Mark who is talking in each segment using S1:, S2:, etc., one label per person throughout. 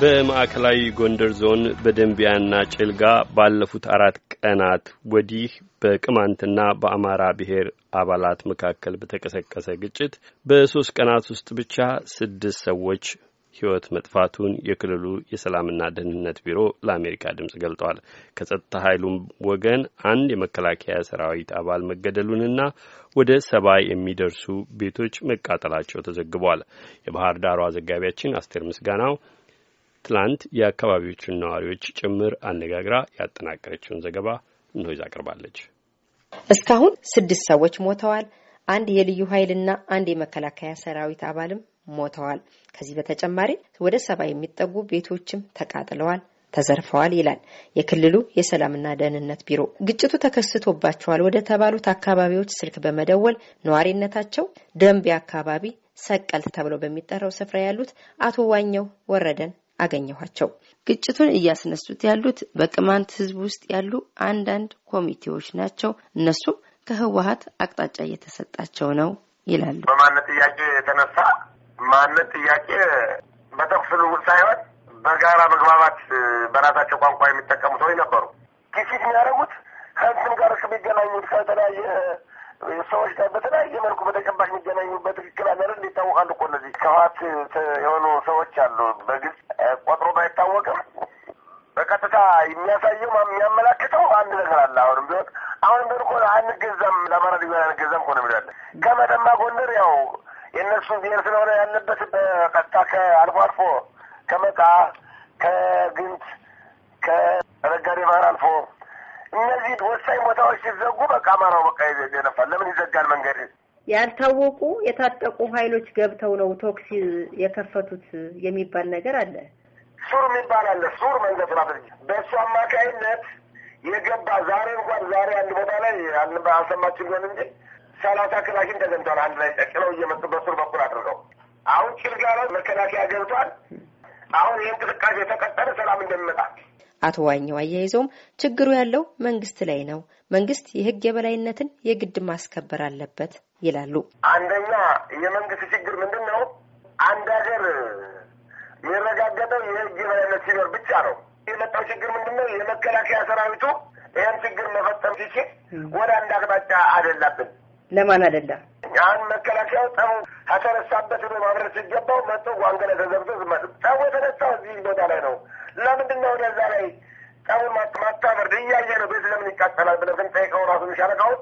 S1: በማዕከላዊ ጎንደር ዞን በደንቢያና ጭልጋ ባለፉት አራት ቀናት ወዲህ በቅማንትና በአማራ ብሔር አባላት መካከል በተቀሰቀሰ ግጭት በሦስት ቀናት ውስጥ ብቻ ስድስት ሰዎች ሕይወት መጥፋቱን የክልሉ የሰላምና ደህንነት ቢሮ ለአሜሪካ ድምፅ ገልጧል። ከጸጥታ ኃይሉም ወገን አንድ የመከላከያ ሰራዊት አባል መገደሉንና ወደ ሰባ የሚደርሱ ቤቶች መቃጠላቸው ተዘግቧል። የባህር ዳሯ ዘጋቢያችን አስቴር ምስጋናው ትላንት የአካባቢዎቹን ነዋሪዎች ጭምር አነጋግራ ያጠናቀረችውን ዘገባ እንሆ ይዛ ቀርባለች።
S2: እስካሁን ስድስት ሰዎች ሞተዋል። አንድ የልዩ ኃይልና አንድ የመከላከያ ሰራዊት አባልም ሞተዋል። ከዚህ በተጨማሪ ወደ ሰባ የሚጠጉ ቤቶችም ተቃጥለዋል፣ ተዘርፈዋል ይላል የክልሉ የሰላምና ደህንነት ቢሮ። ግጭቱ ተከስቶባቸዋል ወደ ተባሉት አካባቢዎች ስልክ በመደወል ነዋሪነታቸው ደንቢ አካባቢ ሰቀልት ተብሎ በሚጠራው ስፍራ ያሉት አቶ ዋኘው ወረደን አገኘኋቸው። ግጭቱን እያስነሱት ያሉት በቅማንት ህዝብ ውስጥ ያሉ አንዳንድ ኮሚቴዎች ናቸው። እነሱም ከህወሀት አቅጣጫ እየተሰጣቸው ነው ይላሉ።
S1: በማንነት ጥያቄ የተነሳ ማንነት ጥያቄ በተኩስ ልውውጥ ሳይሆን በጋራ መግባባት በራሳቸው ቋንቋ የሚጠቀሙ ሰዎች ነበሩ። ግጭት የሚያደርጉት ከእንትን ጋር ከሚገናኙት ከተለያየ ሰዎች ጋር በተለያየ መልኩ በተጨባጭ የሚገናኙበት ትክክል አለ እንዲታወቃሉ ይታወቃሉ እኮ እነዚህ ከህወሓት የሆኑ ሰዎች አሉ። በግልጽ ቆጥሮ ባይታወቅም በቀጥታ የሚያሳየው የሚያመላክተው አንድ ነገር አለ። አሁንም ቢሆን አሁንም ቢሆን እኮ አንገዛም፣ ለአማራ ሊበን አንገዛም እኮ ነው የሚላለ ከመተማ ጎንደር ያው የእነሱ ብሔር ስለሆነ ያለበት በቀጥታ ከአልፎ አልፎ ከመጣ ከግንት ከረጋዴ ባህር አልፎ እነዚህ ወሳኝ ቦታዎች ሲዘጉ በቃ አማራው በቃ ይነፋል። ለምን ይዘጋል መንገድ?
S2: ያልታወቁ የታጠቁ ኃይሎች ገብተው ነው ቶክሲ የከፈቱት የሚባል ነገር አለ።
S1: ሱር የሚባል አለ። ሱር መንገድ በእሱ አማካይነት የገባ ዛሬ እንኳን ዛሬ አንድ ቦታ ላይ አልሰማችም ሆን እንጂ ሰላሳ ክላሽን ተገምቷል። አንድ ላይ ጨቅለው እየመጡ በሱር በኩል አድርገው አሁን ጭልጋ መከላከያ ገብቷል። አሁን ይህ እንቅስቃሴ
S2: ተቀጠለ ሰላም እንደሚመጣ አቶ ዋኘው አያይዘውም ችግሩ ያለው መንግስት ላይ ነው፣ መንግስት የህግ የበላይነትን የግድ ማስከበር አለበት ይላሉ።
S1: አንደኛ የመንግስት ችግር ምንድን ነው? አንድ ሀገር የሚረጋገጠው የህግ የበላይነት ሲኖር ብቻ ነው። የመጣው ችግር ምንድን ነው? የመከላከያ ሰራዊቱ ይህን ችግር መፈጸም ሲችል ወደ አንድ አቅጣጫ አደላብን። ለማን አደላ? አሁን መከላከያው ጠቡ ከተነሳበት ማምረት ሲገባው መጥቶ ጓንገላ ተዘብቶ ዝመጥ ጠቡ የተነሳው እዚህ ቦታ ላይ ነው ለምንድን ነው እዛ ላይ ጸቡን ማታመርድ እያየ ነው ቤት ለምን ይቃጠላል ብለህ ስንጠይቀው ራሱ ሻለቃው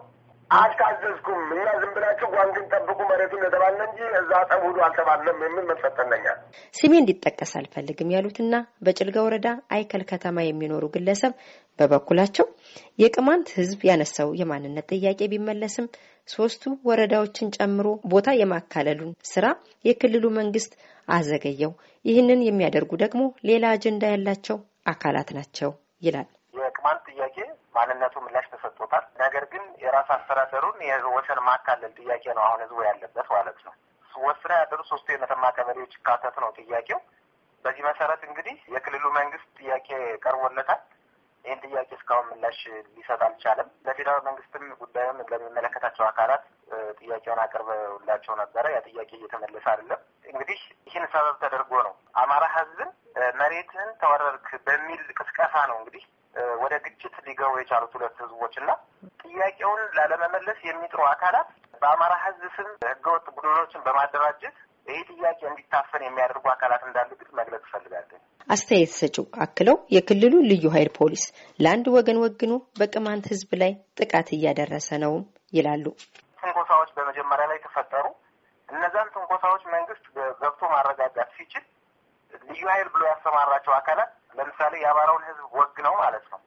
S1: አልታዘዝኩም እና ዝም ብላችሁ ጓንግን ጠብቁ መሬቱን እንደተባለ እንጂ እዛ ጠብ ሁሉ አልተባለም የሚል መፈጠነኛል።
S2: ስሜ እንዲጠቀስ አልፈልግም ያሉትና በጭልጋ ወረዳ አይከል ከተማ የሚኖሩ ግለሰብ በበኩላቸው የቅማንት ሕዝብ ያነሳው የማንነት ጥያቄ ቢመለስም ሶስቱ ወረዳዎችን ጨምሮ ቦታ የማካለሉን ስራ የክልሉ መንግስት አዘገየው። ይህንን የሚያደርጉ ደግሞ ሌላ አጀንዳ ያላቸው አካላት ናቸው ይላል።
S3: የቅማንት ጥያቄ ማንነቱ ምላሽ ተሰጥቶታል። ነገር ግን የራስ አስተዳደሩን የወሰን ማካለል ጥያቄ ነው አሁን ህዝቡ ያለበት ማለት ነው። ወስራ ያደሩ ሶስቱ የመተማ ቀበሌዎች ይካተት ነው ጥያቄው። በዚህ መሰረት እንግዲህ የክልሉ መንግስት ጥያቄ ቀርቦለታል። ይህን ጥያቄ እስካሁን ምላሽ ሊሰጥ አልቻለም። ለፌዴራል መንግስትም ጉዳዩን ለሚመለከታቸው አካላት ጥያቄውን አቅርበውላቸው ነበረ። ያ ጥያቄ እየተመለሰ አይደለም። እንግዲህ ይህን ሰበብ ተደርጎ ነው አማራ ህዝብን መሬትን ተወረርክ በሚል ቅስቀሳ ነው እንግዲህ ወደ ግጭት ሊገቡ የቻሉት ሁለት ህዝቦች እና ጥያቄውን ላለመመለስ የሚጥሩ አካላት በአማራ ህዝብ ስም ህገወጥ ቡድኖችን በማደራጀት ይህ ጥያቄ እንዲታፈን የሚያደርጉ አካላት እንዳሉ ግን መግለጽ እፈልጋለሁ።
S2: አስተያየት ሰጪው አክለው የክልሉ ልዩ ኃይል ፖሊስ ለአንድ ወገን ወግኖ በቅማንት ህዝብ ላይ ጥቃት እያደረሰ ነው ይላሉ።
S3: ትንኮሳዎች በመጀመሪያ ላይ ተፈጠሩ። እነዛን ትንኮሳዎች መንግስት ገብቶ ማረጋጋት ሲችል ልዩ ኃይል ብሎ ያሰማራቸው አካላት ለምሳሌ የአማራውን ህዝብ ወግ ነው ማለት ነው።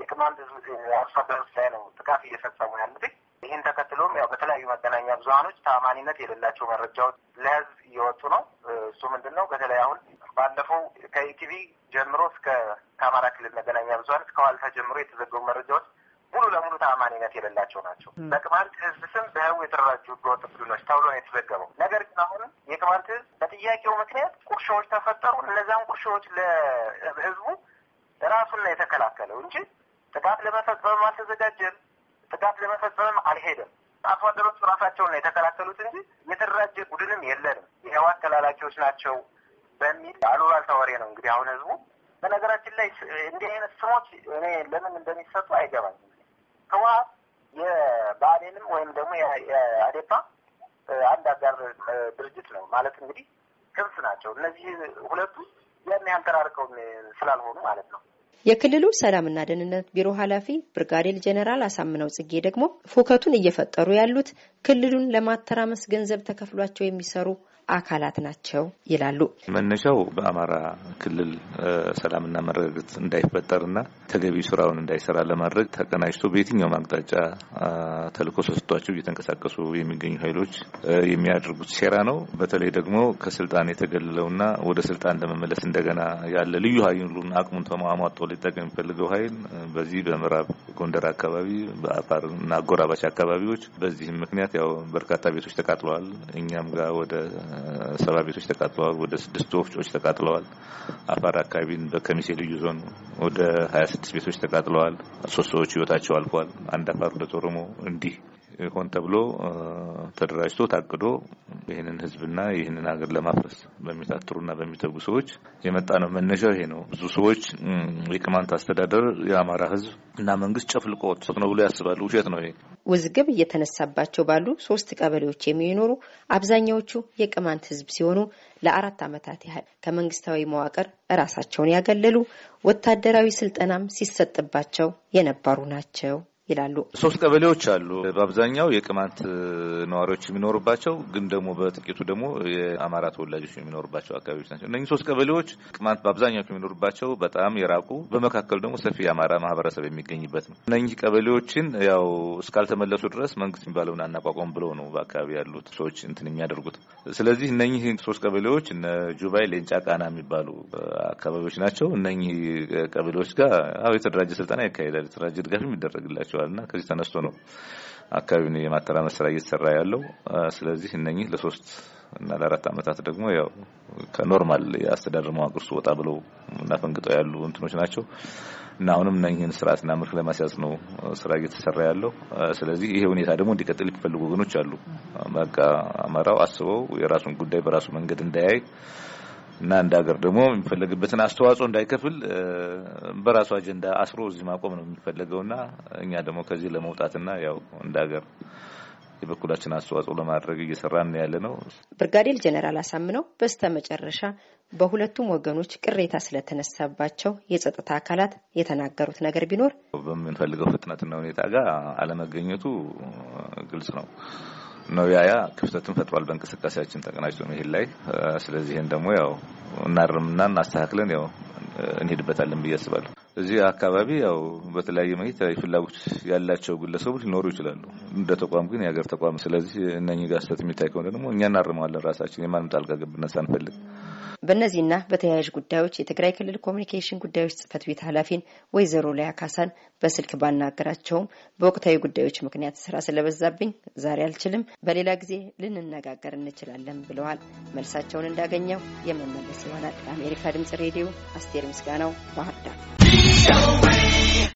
S3: የቅማንት ህዝብ አርሶ አደሮች ላይ ነው ጥቃት እየፈጸሙ ያሉት ይህን ተከትሎም ያው በተለያዩ መገናኛ ብዙሀኖች ታማኒነት የሌላቸው መረጃዎች ለህዝብ እየወጡ ነው። እሱ ምንድን ነው በተለይ አሁን ባለፈው ከኢቲቪ ጀምሮ እስከ ከአማራ ክልል መገናኛ ብዙሀን እስከ ዋልታ ጀምሮ የተዘገቡ መረጃዎች ሙሉ ለሙሉ ተአማኒነት የሌላቸው ናቸው። በቅማንት ህዝብ ስም በህቡ የተደራጁ ህገወጥ ቡድኖች ተብሎ ነው የተዘገበው። ነገር ግን አሁን የቅማንት ህዝብ በጥያቄው ምክንያት ቁርሾዎች ተፈጠሩ። እነዚያን ቁርሾዎች ለህዝቡ ራሱን የተከላከለው እንጂ ጥቃት ለመፈጸም አልተዘጋጀም። ጥቃት ለመፈጸምም አልሄደም። አርሶ አደሮች ራሳቸውን ነው የተከላከሉት እንጂ የተደራጀ ቡድንም የለንም፣ የህወሓት ተላላኪዎች ናቸው በሚል አሉባልታ ወሬ ነው እንግዲህ አሁን ህዝቡ። በነገራችን ላይ እንዲህ አይነት ስሞች እኔ ለምን እንደሚሰጡ አይገባኝ። ህወሓት የብአዴንም ወይም ደግሞ የአዴፓ አንድ አጋር ድርጅት ነው ማለት እንግዲህ ክንፍ ናቸው። እነዚህ ሁለቱ ያን ያህል ስላልሆኑ ማለት ነው።
S2: የክልሉ ሰላምና ደህንነት ቢሮ ኃላፊ ብርጋዴር ጀኔራል አሳምነው ጽጌ ደግሞ ፉከቱን እየፈጠሩ ያሉት ክልሉን ለማተራመስ ገንዘብ ተከፍሏቸው የሚሰሩ አካላት ናቸው ይላሉ።
S4: መነሻው በአማራ ክልል ሰላምና መረጋጋት እንዳይፈጠርና ተገቢ ስራውን እንዳይሰራ ለማድረግ ተቀናጅቶ በየትኛውም አቅጣጫ ተልኮ ተሰጥቷቸው እየተንቀሳቀሱ የሚገኙ ኃይሎች የሚያደርጉት ሴራ ነው። በተለይ ደግሞ ከስልጣን የተገለለውና ወደ ስልጣን ለመመለስ እንደገና ያለ ልዩ ኃይሉን አቅሙን ተሟሟጦ ሊጠቀም የሚፈልገው ኃይል በዚህ በምዕራብ ጎንደር አካባቢ በአፋርና አጎራባች አካባቢዎች በዚህም ምክንያት ያው በርካታ ቤቶች ተቃጥለዋል። እኛም ጋር ወደ ሰባ ቤቶች ተቃጥለዋል። ወደ ስድስት ወፍጮች ተቃጥለዋል። አፋር አካባቢን በከሚሴ ልዩ ዞን ወደ ሀያ ስድስት ቤቶች ተቃጥለዋል። ሶስት ሰዎች ህይወታቸው አልፏል። አንድ አፋር ሁለት ኦሮሞ እንዲህ ሆን ተብሎ ተደራጅቶ ታቅዶ ይህንን ህዝብና ይህንን ሀገር ለማፍረስ በሚታትሩና በሚተጉ ሰዎች የመጣ ነው። መነሻው ይሄ ነው። ብዙ ሰዎች የቅማንት አስተዳደር የአማራ ህዝብ እና መንግስት ጨፍልቆት ነው ብሎ ያስባሉ። ውሸት ነው ይሄ።
S2: ውዝግብ እየተነሳባቸው ባሉ ሶስት ቀበሌዎች የሚኖሩ አብዛኛዎቹ የቅማንት ህዝብ ሲሆኑ ለአራት ዓመታት ያህል ከመንግስታዊ መዋቅር ራሳቸውን ያገለሉ፣ ወታደራዊ ስልጠናም ሲሰጥባቸው የነበሩ ናቸው ይላሉ።
S4: ሶስት ቀበሌዎች አሉ። በአብዛኛው የቅማንት ነዋሪዎች የሚኖሩባቸው ግን ደግሞ በጥቂቱ ደግሞ የአማራ ተወላጆች የሚኖሩባቸው አካባቢዎች ናቸው። እነዚህ ሶስት ቀበሌዎች ቅማንት በአብዛኛው የሚኖሩባቸው በጣም የራቁ፣ በመካከሉ ደግሞ ሰፊ የአማራ ማህበረሰብ የሚገኝበት ነው። እነዚህ ቀበሌዎችን ያው እስካልተመለሱ ድረስ መንግስት የሚባለውን አናቋቋም ብለው ነው በአካባቢ ያሉት ሰዎች እንትን የሚያደርጉት። ስለዚህ እነኚህ ሶስት ቀበሌዎች እነ ጁባይ፣ ሌንጫ፣ ቃና የሚባሉ አካባቢዎች ናቸው። እነህ ቀበሌዎች ጋር የተደራጀ ስልጠና ይካሄዳል። የተደራጀ ድጋፍ የሚደረግላቸው እና ከዚህ ተነስቶ ነው አካባቢውን የማተራመስ ስራ እየተሰራ ያለው። ስለዚህ እነኚህ ለሶስት እና ለአራት ዓመታት ደግሞ ያው ከኖርማል የአስተዳደር መዋቅር ውስጥ ወጣ ብለው እና ፈንግጠው ያሉ እንትኖች ናቸው እና አሁንም እነኚህን ስርዓትና መልክ ለማስያዝ ነው ስራ እየተሰራ ያለው። ስለዚህ ይሄ ሁኔታ ደግሞ እንዲቀጥል የሚፈልጉ ወገኖች አሉ። በቃ አማራው አስበው የራሱን ጉዳይ በራሱ መንገድ እንዳያይ እና እንደ ሀገር ደግሞ የሚፈለግበትን አስተዋጽኦ እንዳይከፍል በራሱ አጀንዳ አስሮ እዚህ ማቆም ነው እና እኛ ደግሞ ከዚህ ለመውጣትና ያው እንደ ሀገር የበኩላችን አስተዋጽኦ ለማድረግ እየሰራን ያለ ነው።
S2: ብርጋዴር ጀኔራል አሳምነው በስተ መጨረሻ በሁለቱም ወገኖች ቅሬታ ስለተነሳባቸው የጸጥታ አካላት የተናገሩት ነገር ቢኖር
S4: በምንፈልገው ፍጥነትና ሁኔታ ጋር አለመገኘቱ ግልጽ ነው። ነው። ክፍተቱን ፈጥሯል በእንቅስቃሴያችን ተቀናጅቶ መሄድ ላይ። ስለዚህ ደግሞ ያው እናርምና እናስተካክለን ያው እንሄድበታለን ብዬ አስባለሁ። እዚህ አካባቢ ያው በተለያየ መሄድ ፍላጎት ያላቸው ግለሰቦች ሊኖሩ ይችላሉ። እንደ ተቋም ግን የሀገር ተቋም ስለዚህ እነኚህ ጋር ስህተት የሚታይ ከሆነ ደግሞ እኛ እናርመዋለን ራሳችን የማንም ጣልቃ ገብነት ሳንፈልግ።
S2: በእነዚህና በተያያዥ ጉዳዮች የትግራይ ክልል ኮሚኒኬሽን ጉዳዮች ጽህፈት ቤት ኃላፊን ወይዘሮ ላያ ካሳን በስልክ ባናገራቸውም በወቅታዊ ጉዳዮች ምክንያት ስራ ስለበዛብኝ ዛሬ አልችልም፣ በሌላ ጊዜ ልንነጋገር እንችላለን ብለዋል። መልሳቸውን እንዳገኘው የመመለስ ይሆናል። ለአሜሪካ ድምጽ ሬዲዮ አስቴር ምስጋናው ባህርዳር።